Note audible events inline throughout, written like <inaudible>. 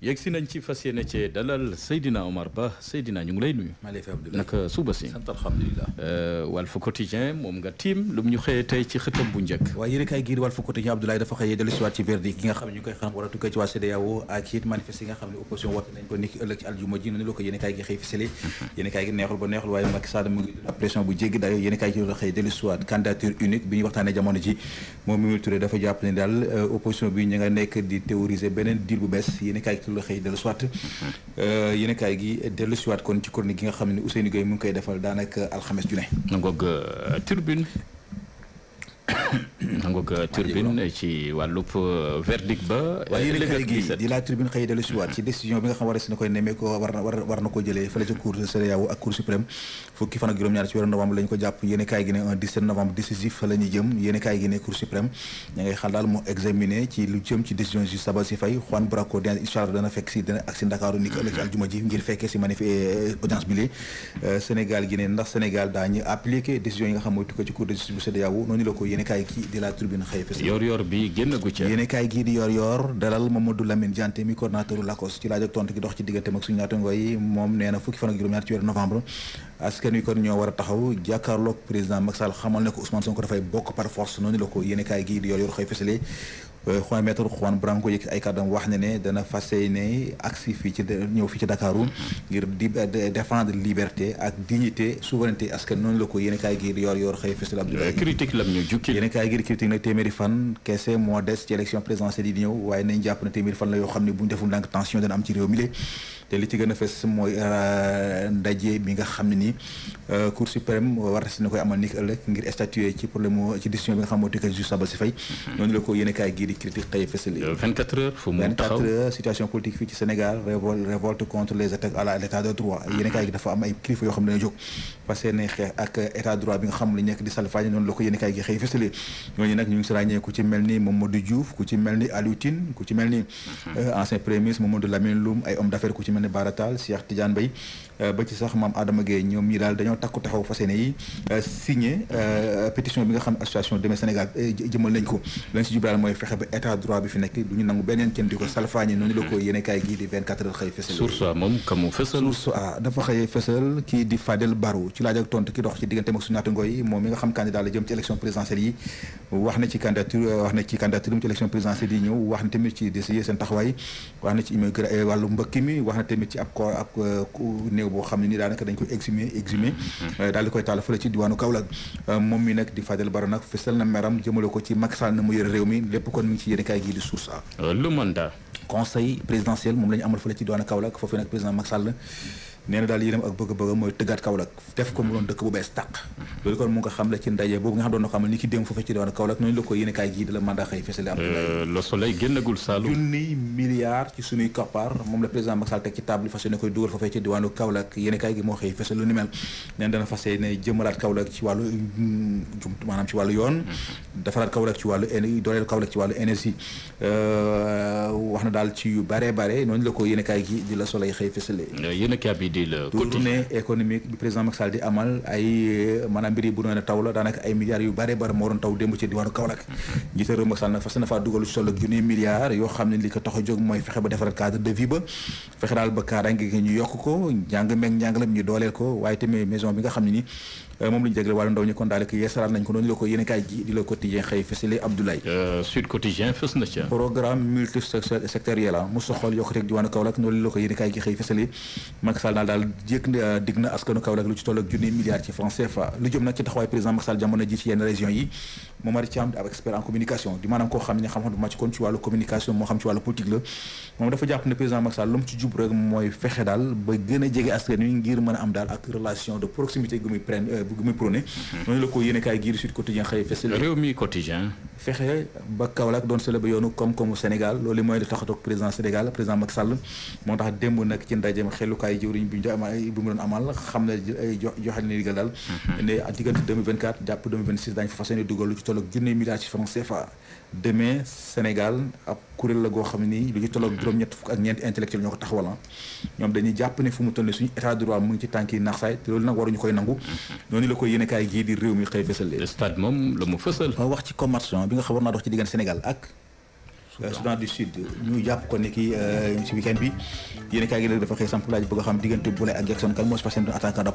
yegg si nañ ci fas ci dalal Seydina Omar Ba Seydina ñu ngi lay nuyu. naka suba si. sant alhamdulilah. Euh, Walf moom nga tiim lu mu ñu xëyee tey ci xëtam bu njëkk. waaye yéen kay xëyee dellu si waat <laughs> gi neexul ba neexul waaye Macky Sall mu ngi dund dafa jàpp ne daal euh, opposition bi ñu nga nekk di théoriser beneen deal bu bees yéenekaay gi la xëy dellu siwaat euh, yéenekaay gi dellu siwaat kon ci chronique gi nga xam ne Ousseynou Gueye mu ngi koy defal daanaka alxames ju ne. ngoog euh, turbine. nangoog turbine ci wàllub verdict ba. di la turbine xëy dellu si waat ci na ngay xal daal mu examiner ci lu jëm ci décision juge Sabassy Faye Juan Branco dina dana fekk si Ndakaaru ni aljuma ji ngir fekkee si manif eh, audience bi lee euh, Sénégal gi ne ndax Sénégal daa ñu décision yi nga xam mooy tukkee ci cour de justice bu CEDEAO noonu la ko yéeni kaay di la tribune xëy fës yor yor bi génn gu ca yéene kaay gii di yor yor dalal Mamadou Lamine Diante mi coordonnateur LACOS ci laaj ak tontu gi dox ci digganteem ak suñu naatango yi moom nee fukki fan juróom-ñaar ci weeru novembre askan wi kon ñoo war a taxaw jàkkaarloog président Macky Sall xamal ne ko Ousmane Sonko dafay bokk par force noonu la ko yéene gii di yor yor xëy fësalee Juan maître Juan Branco yëkkati ay kàddam wax ne ne dana fas yéene agsi fii ci ñëw fii ci Dakaru ngir di défendre liberté ak dignité souveraineté askan noonu la ko yéen kaay gi yor yor xëy fësal Abdoulaye fan kese moo des ci élection présidentielle yi di ñëw waaye nañ jàpp ne téeméeri fan la yoo xam ne ci réew mi le te li ci gën euh, bi nga xam ne nii euh, Cour suprême war si na koy amal ni ëllëg ngir statuer ci problème ci décision bi nga xam moo tëkk juge mm-hmm. noonu la ko yéen kaay bi critique xëy fësal 24 heures fu situation politique fii ci Sénégal révolte contre les attaques de droit ah. yéen gi dafa am ay kilifa yoo xam ne jóg parce que xeex ak état de droit bi nga xam ne nekk di salfaañe noonu la ko gi xëy fësale ñooñu nag ñu ngi si ràññee ku ci mel ni Mamadou Diouf ku ci mel ni Aliou ku ci mel ni mhm. euh, ancien premier ministre Mamadou Lamine ay homme d'affaires ku ci mel ni Bara Tall Cheikh Tidiane Mbaye euh, ba sax maam état droit bi fi nekk du nangu beneen kenn di ko salfaañe noonu la ko yéene kaay gii di 24 heures xëy fësal. source a moom ka mu dafa xëy fësal kii di Fadel Barro ci laaj ak tontu ki dox ci digganteem ak suñu naataangoo moom mi nga xam candidat la jëm ci élection présidentielle yi ñëw wax na tamit ci décider seen taxawaay wax na ci immigré eh, wàllu mbëkk mi wax na tamit ci ab ko ab eh, néew boo xam ni daanaka dañ koy exhumé mm-hmm. eh, koy taal fële ci ngi ci yéenekaay gii di source a euh, lu mën daal conseil présidentiel moom la ñu amal fële ci doona Kaolack foofee nag président Macky Sall nee na daal yéenam ak bëgg-bëgg mooy tëggaat Kaolack def ko mu doon dëkk bu bees tàq loolu kon am euh, le soleil génnagul Saloum junni milliard moom la président Macky Sall teg ci table fas yéene koy dugal foofee ci diwaanu Kaolack yéene kaay gi moo xëy fesal lu ni mel nee na dana fas yéene jëmalaat Kaolack ci wàllu mm, maanaam ci wàllu yoon defaraat Kaolack ci wàllu dooleel Kaolack ci wàllu énergie euh, wax na daal ci yu bare bare noonu la ko yéene kaay gi di la soleil xëy fesale euh, di le bi président Macky Sall di amal ay euh, maanaam mbir yi bu doon taw la daanaka ay milliards yu bare bare moo doon taw démb ci diwaanu Kaolack mm-hmm. njiitu réew Macky Sall nag fas na faa dugal ci toll ak junni milliards yoo xam ne li ko tax a jóg mooy fexe ba defaral cadre de vie ba fexe daal ba kaaraange gi ñu yokk ko njàng meeg njàngalam ñu dooleel ko waaye tamit maison bi nga xam ne ni Euh, moom la ñu jagle wàllu ndaw ñi kon daal di yeesalaat nañ ko noonu la ko yéen kaay gi quotidien xëy fësale Abdoulaye. Euh, Sud Quotidien fës na ca. programme multisectoriel ah, mu soxal yokkuteeg diwaanu Kaolack noonu la ko yéen kaay xëy fësale Macky naa daal jékk ne euh, digg na askanu Kaolack lu ci toll ak milliards ci franc lu jëm nag ci taxawaay président Macky jamono ji ci yenn région yi Momar Thiam di di maanaam koo kon ci wàllu communication moo xam bu muy prôné. Mhm. noonu la ko yéen a kaay gii di Sud Quotidien xëy fësal. réew mi quotidien fexe ba Kaolack doon sële ba yoonu koom-koomu Sénégal loolu mooy li taxatoog président Sénégal président Macky Sall moo tax démb nag ci ndajeem xelukaayu jëwriñ bu mu doon amal xam ne joxe na ndigal daal mhm. diggante jàpp 2026 fa fas yéene dugal lu ci tolloog junni milliards ci francs CFA Sénégal ab kuréel la goo xam ni lu ci tolloog mhm. juróom-ñett fukk ak ñeenti intellectuel ñoo ko taxawal ah. ñoom dañuy jàpp ne fu mu toll suñu état droit mu ngi ci tànk yi naax saay te loolu nag waruñu koy événement bi nga xam naa dox ci diggante Sénégal ak Soudan euh, du Sud ñu jàpp ko ni kii euh, weekend bi yéen kaay gi la dafa xëy samp laaj bëgg a xam diggante Boulay ak Jackson kan moo si passé seen attaquant de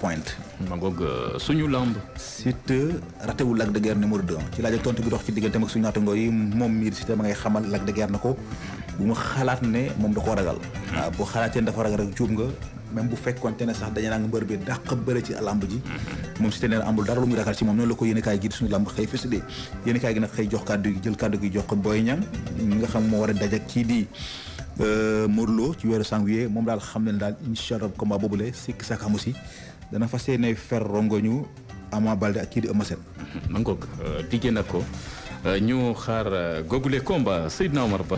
euh, ratewul Lac de Guiers numéro 2 ci laaj ak tontu bi dox ci diggante ak suñu naatangoo yi moom mii Siteu ma ngay xamal Lac de na ko bu xalaat ne moom da koo ragal hmm. waaw boo xalaatee dafa ragal rek juum nga même bu fekkoonte ne sax dañu naan mbër bi dàq bëre ci làmb ji moom si teneer amul dara lu muy ragal ci moom noonu la ko yéen kaay gi di suñu làmb xëy fësidee yéen kaay gi nag xëy jox kàddu gi jël kàddu gi jox ko Boy Niang mi nga xam moo war a dajak kii di euh, Modou Lo ci weeru sanguier moom daal xam ne daal incha allah combat boobule sikk saka amu si dana fas yéene fer rongoñu Ama Baldé ak kii di Eumeu Sène ma ngoog diggé na ko euh, ñu xaar euh, googule combat Seydina Omar Ba